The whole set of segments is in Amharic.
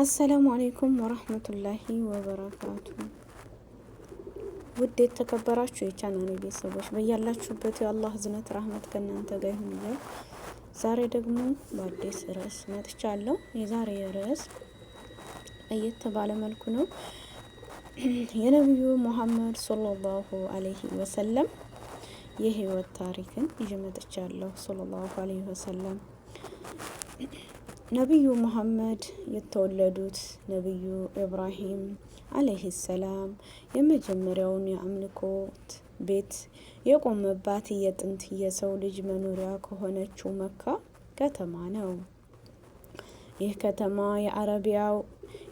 አሰላሙ አሌይኩም ወረህመቱላሂ ወበረካቱ። ውድ የተከበራችሁ የቻናል ቤተሰቦች በያላችሁበት የአላህ እዝነት ራህመት ከእናንተ ጋር ይሁን እያል ዛሬ ደግሞ በአዲስ ርዕስ መጥቻለሁ። የዛሬ ርዕስ ለየት ባለ መልኩ ነው የነቢዩ ሙሐመድ ሶለላሁ አለይሂ ወሰለም የህይወት ታሪክን ይዤ መጥቻለሁ። ሶለላሁ አለይሂ ወሰለም ነቢዩ መሐመድ የተወለዱት ነቢዩ ኢብራሂም አለይህ ሰላም የመጀመሪያውን የአምልኮት ቤት የቆመባት የጥንት የሰው ልጅ መኖሪያ ከሆነችው መካ ከተማ ነው። ይህ ከተማ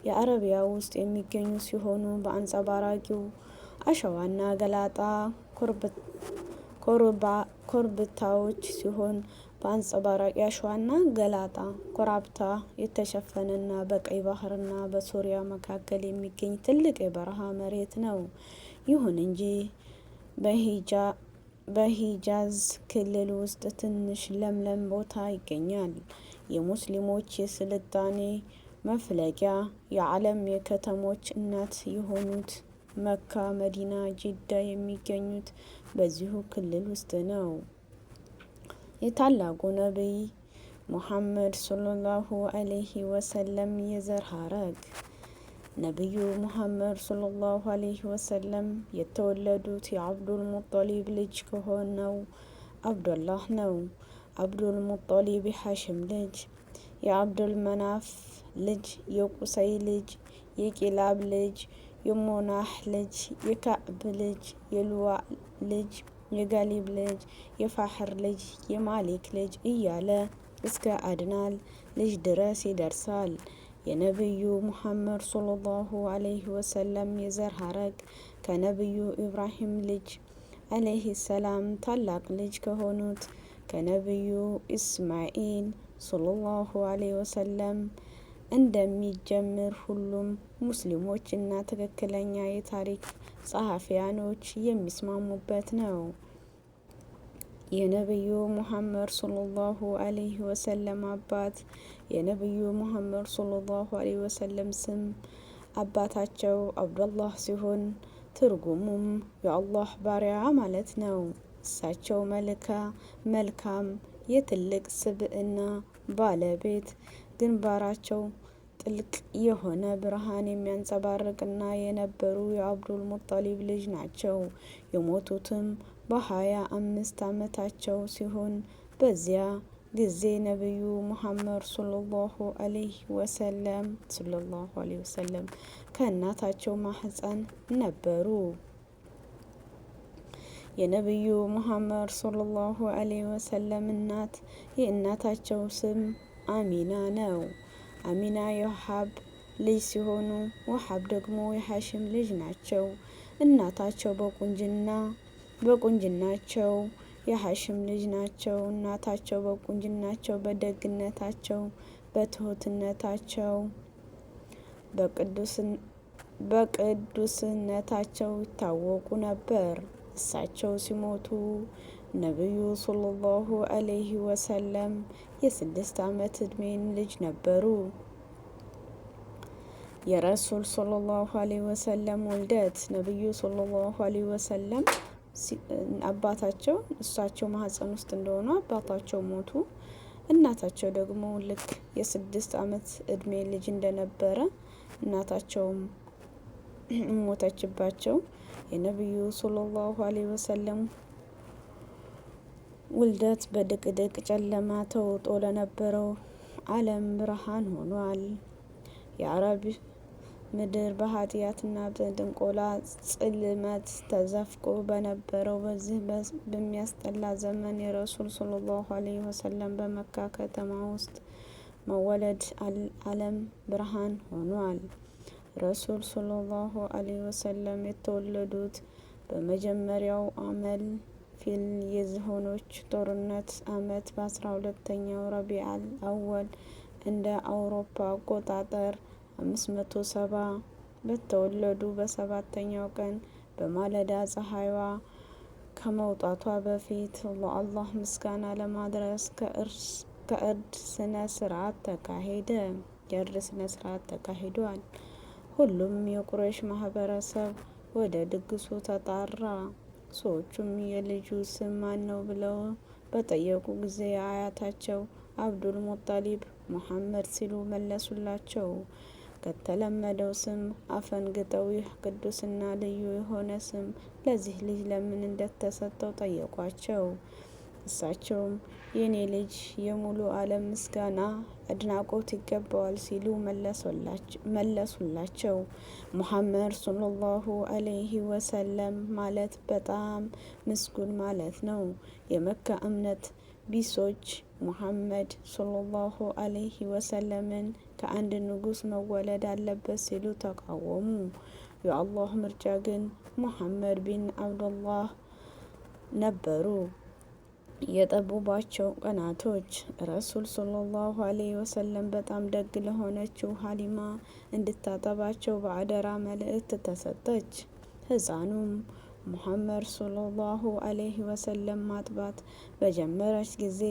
የአረቢያ ውስጥ የሚገኙ ሲሆኑ በአንጸባራቂው አሸዋና ገላጣ ኮርብታዎች ሲሆን በአንጸባራቂ አሸዋና ገላጣ ኮረብታ የተሸፈነና በቀይ ባህርና በሶሪያ መካከል የሚገኝ ትልቅ የበረሃ መሬት ነው። ይሁን እንጂ በሂጃዝ ክልል ውስጥ ትንሽ ለምለም ቦታ ይገኛል። የሙስሊሞች የስልጣኔ መፍለቂያ፣ የዓለም የከተሞች እናት የሆኑት መካ፣ መዲና፣ ጅዳ የሚገኙት በዚሁ ክልል ውስጥ ነው። የታላቁ ነቢይ ሙሐመድ ሶለላሁ አለይሂ ወሰለም የዘር ሐረግ። ነቢዩ ሙሐመድ ሶለላሁ አለይሂ ወሰለም የተወለዱት የአብዱል ሙጠሊብ ልጅ ከሆነው አብዱላህ ነው። አብዱል ሙጠሊብ የሐሽም ልጅ፣ የአብዱል መናፍ ልጅ፣ የቁሰይ ልጅ፣ የቂላብ ልጅ፣ የሞናህ ልጅ፣ የካዕብ ልጅ፣ የልዋዕ ልጅ የጋሊብ ልጅ የፋህር ልጅ የማሊክ ልጅ እያለ እስከ አድናል ልጅ ድረስ ይደርሳል። የነቢዩ ሙሐመድ ሶለላሁ አለይህ ወሰለም የዘር ሀረግ ከነቢዩ ኢብራሂም ልጅ አለይህ ሰላም ታላቅ ልጅ ከሆኑት ከነቢዩ ኢስማኤል ሶለላሁ አለይህ ወሰለም እንደሚጀምር ሁሉም ሙስሊሞች እና ትክክለኛ የታሪክ ጸሐፊያኖች የሚስማሙበት ነው። የነቢዩ ሙሐመድ ሶለላሁ አለይሂ ወሰለም አባት የነብዩ ሙሐመድ ሶለላሁ አለይሂ ወሰለም ስም አባታቸው አብዱላህ ሲሆን ትርጉሙም የአላህ ባሪያ ማለት ነው። እሳቸው መልካ መልካም የትልቅ ስብዕና ባለቤት ግንባራቸው ጥልቅ የሆነ ብርሃን የሚያንጸባርቅና የነበሩ የአብዱል ሙጣሊብ ልጅ ናቸው። የሞቱትም በሀያ አምስት ዓመታቸው ሲሆን በዚያ ጊዜ ነቢዩ ሙሐመድ ሶለላሁ አለይህ ወሰለም ሶለላሁ አለይህ ወሰለም ከእናታቸው ማህፀን ነበሩ። የነቢዩ ሙሐመድ ሶለላሁ አለይህ ወሰለም እናት የእናታቸው ስም አሚና ነው። አሚና የውሃብ ልጅ ሲሆኑ ውሃብ ደግሞ የሐሽም ልጅ ናቸው። እናታቸው በቁንጅና በቁንጅናቸው የሀሽም ልጅ ናቸው። እናታቸው በቁንጅናቸው፣ በደግነታቸው፣ በትሁትነታቸው፣ በቅዱስነታቸው ይታወቁ ነበር። እሳቸው ሲሞቱ ነቢዩ ሰለላሁ አለይሂ ወሰለም የስድስት ዓመት ዕድሜን ልጅ ነበሩ። የረሱል ሰለላሁ አለይሂ ወሰለም ውልደት ነቢዩ ሶለላሁ አለይሂ ወሰለም አባታቸው እሳቸው ማህፀን ውስጥ እንደሆኑ አባታቸው ሞቱ። እናታቸው ደግሞ ልክ የስድስት አመት እድሜ ልጅ እንደነበረ እናታቸውም ሞተችባቸው። የነቢዩ ሰለላሁ አለይሂ ወሰለም ውልደት በድቅድቅ ጨለማ ተውጦ ለነበረው ዓለም ብርሃን ሆኗል። የአረብ ምድር በኃጢአትና በጥንቆላ ጽልመት ተዘፍቆ በነበረው በዚህ በሚያስጠላ ዘመን የረሱል ሰለላሁ ዐለይሂ ወሰለም በመካ ከተማ ውስጥ መወለድ ዓለም ብርሃን ሆኗል። ረሱል ሰለላሁ ዐለይሂ ወሰለም የተወለዱት በመጀመሪያው አመል ፊል የዝሆኖች ጦርነት አመት በአስራ ሁለተኛው ረቢዓል አወል እንደ አውሮፓ አቆጣጠር አምስት መቶ ሰባ በተወለዱ በሰባተኛው ቀን በማለዳ ፀሐይዋ ከመውጣቷ በፊት ለአላህ ምስጋና ለማድረስ ከእርድ ስነ ስርዓት ተካሄደ። የእርድ ስነ ስርዓት ተካሂዷል። ሁሉም የቁረይሽ ማህበረሰብ ወደ ድግሱ ተጣራ። ሰዎቹም የልጁ ስም ማን ነው ብለው በጠየቁ ጊዜ አያታቸው አብዱል ሙጠሊብ መሐመድ ሲሉ መለሱላቸው። ከተለመደው ስም አፈንግጠው ይህ ቅዱስና ልዩ የሆነ ስም ለዚህ ልጅ ለምን እንደተሰጠው ጠየቋቸው። እሳቸውም የኔ ልጅ የሙሉ ዓለም ምስጋና አድናቆት ይገባዋል ሲሉ መለሱላቸው። ሙሐመድ ሶለላሁ አለይህ ወሰለም ማለት በጣም ምስጉን ማለት ነው። የመካ እምነት ቢሶች ሙሐመድ ሶለላሁ አለይህ ወሰለምን ከአንድ ንጉስ መወለድ አለበት ሲሉ ተቃወሙ። የአላህ ምርጫ ግን ሙሐመድ ቢን አብዱላህ ነበሩ። የጠቡባቸው ቀናቶች ረሱል ሰለላሁ አለይሂ ወሰለም በጣም ደግ ለሆነችው ሀሊማ እንድታጠባቸው በአደራ መልእክት ተሰጠች። ህፃኑም ሙሐመድ ሰለላሁ አለይሂ ወሰለም ማጥባት በጀመረች ጊዜ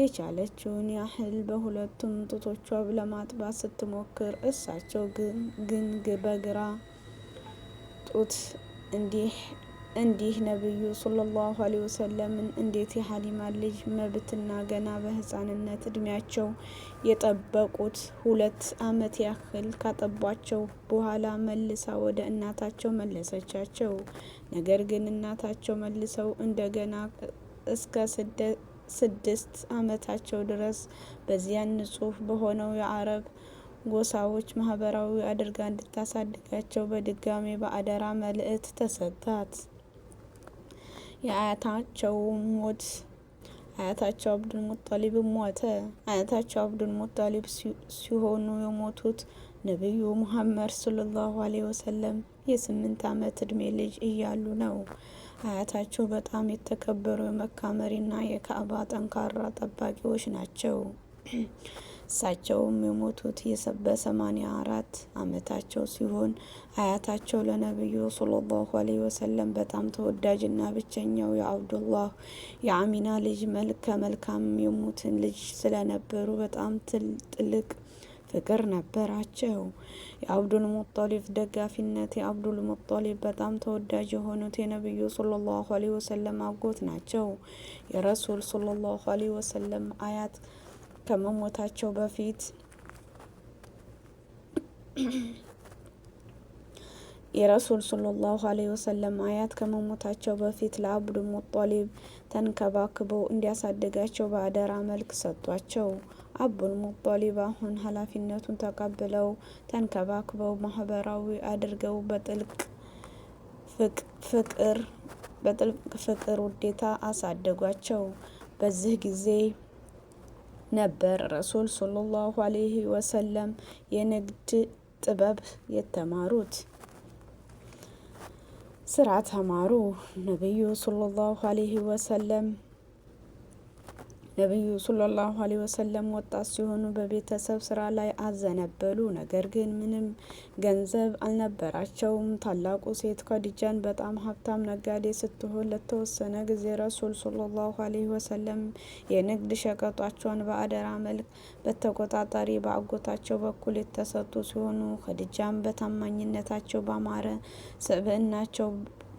የቻለችውን ያህል በሁለቱም ጡቶቿ ለማጥባት ስትሞክር እሳቸው ግን በግራ ጡት እንዲህ እንዲህ ነቢዩ ሰለላሁ አለይሂ ወሰለምን እንዴት የሀሊማ ልጅ መብትና ገና በህፃንነት እድሜያቸው የጠበቁት ሁለት አመት ያህል ካጠቧቸው በኋላ መልሳ ወደ እናታቸው መለሰቻቸው። ነገር ግን እናታቸው መልሰው እንደገና እስከ ስደት ስድስት አመታቸው ድረስ በዚያን ንጹህ በሆነው የአረብ ጎሳዎች ማህበራዊ አድርጋ እንድታሳድጋቸው በድጋሚ በአደራ መልእክት ተሰጣት። የአያታቸው ሞት አያታቸው አብዱልሙጠሊብ ሞተ። አያታቸው አብዱልሙጠሊብ ሲሆኑ የሞቱት ነቢዩ ሙሐመድ ሰለላሁ አለይሂ ወሰለም የስምንት አመት እድሜ ልጅ እያሉ ነው። አያታቸው በጣም የተከበሩ የመካ መሪና የካዕባ ጠንካራ ጠባቂዎች ናቸው። እሳቸውም የሞቱት በሰማኒያ አራት አመታቸው ሲሆን አያታቸው ለነቢዩ ሰለላሁ አለይሂ ወሰለም በጣም ተወዳጅና ብቸኛው የአብዱላህ የአሚና ልጅ መልከ መልካም የሙትን ልጅ ስለነበሩ በጣም ትልቅ ፍቅር ነበራቸው። የአብዱል ሙጠሊብ ደጋፊነት የአብዱል ሙጠሊብ በጣም ተወዳጅ የሆኑት የነቢዩ ሰለላሁ አለይሂ ወሰለም አጎት ናቸው። የረሱል ሰለላሁ አለይሂ ወሰለም አያት ከመሞታቸው በፊት የረሱል ሰለላሁ አለይሂ ወሰለም አያት ከመሞታቸው በፊት ለአብዱ ሙጦሊብ ተንከባክበው እንዲያሳድጋቸው በአደራ መልክ ሰጧቸው። አቡል ሙጦሊብ አሁን ኃላፊነቱን ተቀብለው ተንከባክበው ማህበራዊ አድርገው በጥልቅ ፍቅር በጥልቅ ፍቅር ውዴታ አሳደጓቸው። በዚህ ጊዜ ነበር ረሱል ሰለላሁ አለይሂ ወሰለም የንግድ ጥበብ የተማሩት። سرعتها معروف النبي صلى الله عليه وسلم ነቢዩ ሰለላሁ አለይሂ ወሰለም ወጣት ሲሆኑ በቤተሰብ ስራ ላይ አዘነበሉ። ነገር ግን ምንም ገንዘብ አልነበራቸውም። ታላቁ ሴት ከዲጃን በጣም ሀብታም ነጋዴ ስትሆን ለተወሰነ ጊዜ ረሱል ሰለላሁ አለይሂ ወሰለም የንግድ ሸቀጧቸውን በአደራ መልክ በተቆጣጣሪ በአጎታቸው በኩል የተሰጡ ሲሆኑ፣ ከዲጃም በታማኝነታቸው ባማረ ሰብእናቸው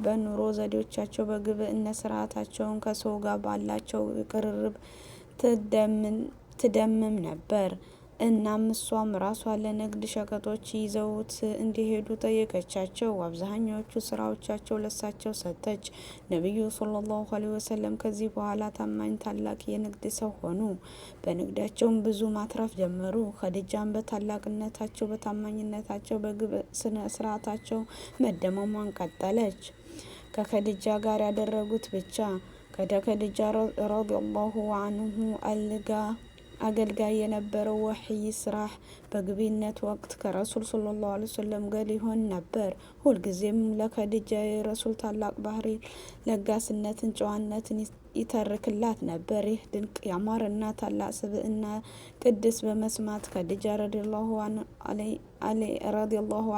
በኑሮ ዘዴዎቻቸው በግብእነት ስርዓታቸውን ከሰው ጋር ባላቸው ቅርርብ ትደምም ነበር። እናም እሷም ራሷ ለንግድ ሸቀጦች ይዘውት እንዲሄዱ ጠየቀቻቸው። አብዛኛዎቹ ስራዎቻቸው ለሳቸው ሰጠች። ነቢዩ ሰለላሁ አለይሂ ወሰለም ከዚህ በኋላ ታማኝ ታላቅ የንግድ ሰው ሆኑ። በንግዳቸውም ብዙ ማትረፍ ጀመሩ። ኸዲጃም በታላቅነታቸው፣ በታማኝነታቸው፣ በግብ ስነ ስርዓታቸው መደመሟን ቀጠለች። ከከድጃ ጋር ያደረጉት ብቻ ከደከድጃ ረዲየላሁ አንሁ አልጋ አገልጋይ የነበረው ወሕይ ስራ በግቢነት ወቅት ከረሱል ሰለላሁ ዐለይሂ ወሰለም ጋር ይሆን ነበር። ሁልጊዜም ለከዲጃ የረሱል ታላቅ ባህሪ ለጋስነትን፣ ጨዋነትን ይተርክላት ነበር። ይህ ድንቅ ያማረና ታላቅ ስብእና ቅድስ በመስማት ከዲጃ ረዲየላሁ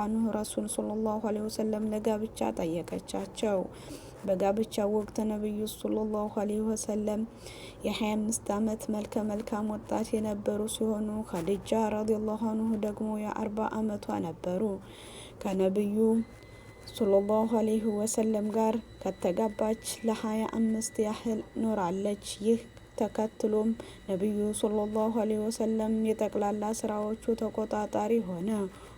አንሁ ረሱል ሰለላሁ ዐለይሂ ወሰለም ለጋብቻ ጠየቀቻቸው። በጋብቻ ወቅት ነቢዩ ሰለላሁ አለይሂ ወሰለም የ25 ዓመት መልከ መልካም ወጣት የነበሩ ሲሆኑ ኸዲጃ ረዲየላሁ አንሁ ደግሞ የ40 ዓመቷ ነበሩ። ከነቢዩ ሰለላሁ አለይሂ ወሰለም ጋር ከተጋባች ለ25 ያህል ኖራለች። ይህ ተከትሎም ነቢዩ ሰለላሁ አለይሂ ወሰለም የጠቅላላ ስራዎቹ ተቆጣጣሪ ሆነ።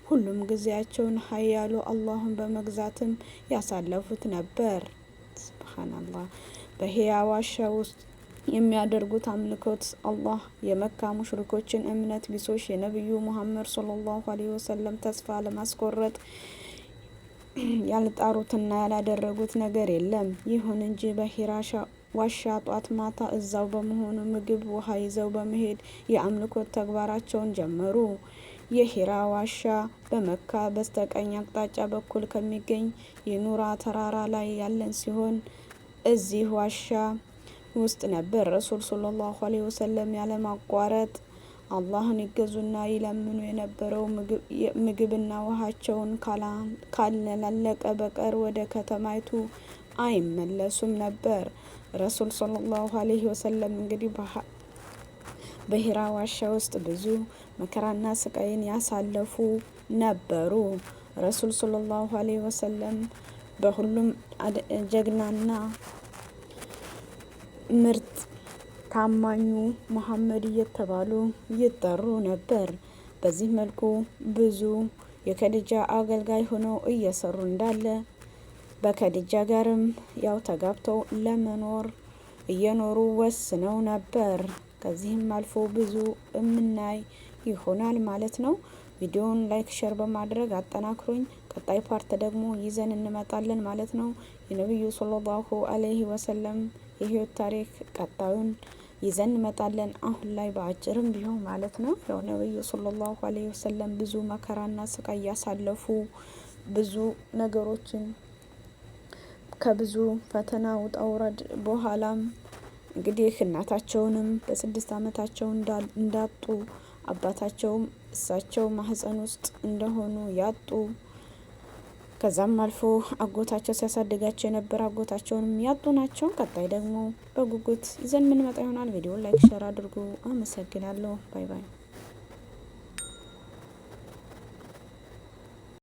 ሁሉም ጊዜያቸውን ሀያሉ አላህን በመግዛትም ያሳለፉት ነበር። ሱብሃናላህ በህያዋ ዋሻ ውስጥ የሚያደርጉት አምልኮት አላህ የመካ ሙሽሪኮችን እምነት ቢሶች የነቢዩ ሙሐመድ ሰለላሁ አለይሂ ወሰለም ተስፋ ለማስቆረጥ ያልጣሩትና ያላደረጉት ነገር የለም። ይሁን እንጂ በሂራ ዋሻ ጧት ማታ እዛው በመሆኑ ምግብ፣ ውሃ ይዘው በመሄድ የአምልኮት ተግባራቸውን ጀመሩ። የሂራ ዋሻ በመካ በስተቀኝ አቅጣጫ በኩል ከሚገኝ የኑራ ተራራ ላይ ያለን ሲሆን እዚህ ዋሻ ውስጥ ነበር ረሱል ሰለላሁ አለይሂ ወሰለም ያለማቋረጥ አላህን ይገዙና ይለምኑ የነበረው። ምግብና ውሃቸውን ካላለቀ በቀር ወደ ከተማይቱ አይመለሱም ነበር። ረሱል ሰለላሁ አለይሂ ወሰለም እንግዲህ በሂራ ዋሻ ውስጥ ብዙ መከራና ስቃይን ያሳለፉ ነበሩ። ረሱል ሰለላሁ አለይሂ ወሰለም በሁሉም ጀግናና ምርጥ ታማኙ መሐመድ እየተባሉ ይጠሩ ነበር። በዚህ መልኩ ብዙ የከድጃ አገልጋይ ሆነው እየሰሩ እንዳለ በከድጃ ጋርም ያው ተጋብተው ለመኖር እየኖሩ ወስነው ነበር። ከዚህም አልፎ ብዙ የምናይ ይሆናል ማለት ነው። ቪዲዮውን ላይክ፣ ሼር በማድረግ አጠናክሩኝ። ቀጣይ ፓርት ደግሞ ይዘን እንመጣለን ማለት ነው። የነቢዩ ሰለላሁ አለይህ ወሰለም የህይወት ታሪክ ቀጣዩን ይዘን እንመጣለን። አሁን ላይ በአጭርም ቢሆን ማለት ነው ያው ነቢዩ ሰለላሁ አለይሂ ወሰለም ብዙ መከራና ስቃይ እያሳለፉ ብዙ ነገሮችን ከብዙ ፈተና ውጣ ውረድ በኋላም እንግዲህ እናታቸውንም በስድስት አመታቸው እንዳጡ አባታቸውም እሳቸው ማህፀን ውስጥ እንደሆኑ ያጡ ከዛም አልፎ አጎታቸው ሲያሳድጋቸው የነበረ አጎታቸውንም ያጡ ናቸው። ቀጣይ ደግሞ በጉጉት ይዘን ምንመጣ ይሆናል። ቪዲዮ ላይክ፣ ሸር አድርጉ። አመሰግናለሁ። ባይ ባይ።